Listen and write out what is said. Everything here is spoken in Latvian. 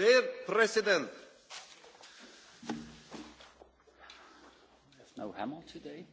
Dear President, no hammer today.